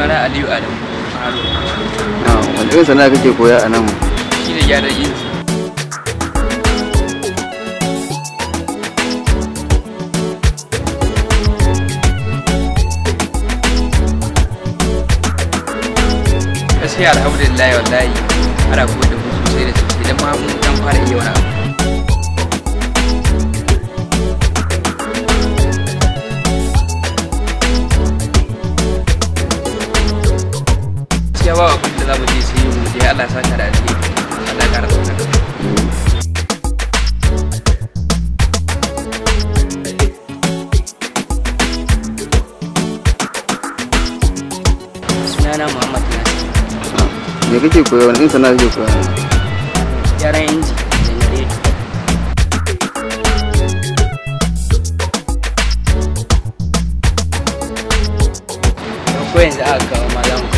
sunana aliyu adam ah, wani irin sana'a kake koya a nan shi ne gyaran inji gaskiya alhamdulillah wallahi ana kuma da mu sai da su idan ma mun dan fara iya wani abu ba abin da za mu je yi mu je Allah ya da alheri Allah ya kara saka sunana Muhammad Nasir me kake koya wani sana'a kake koya yaran inji yanzu aka kawo ma mu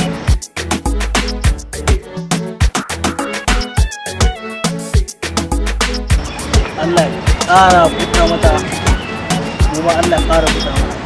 Allah ya ƙara buɗa mata kuma Allah ya ƙara buɗa mata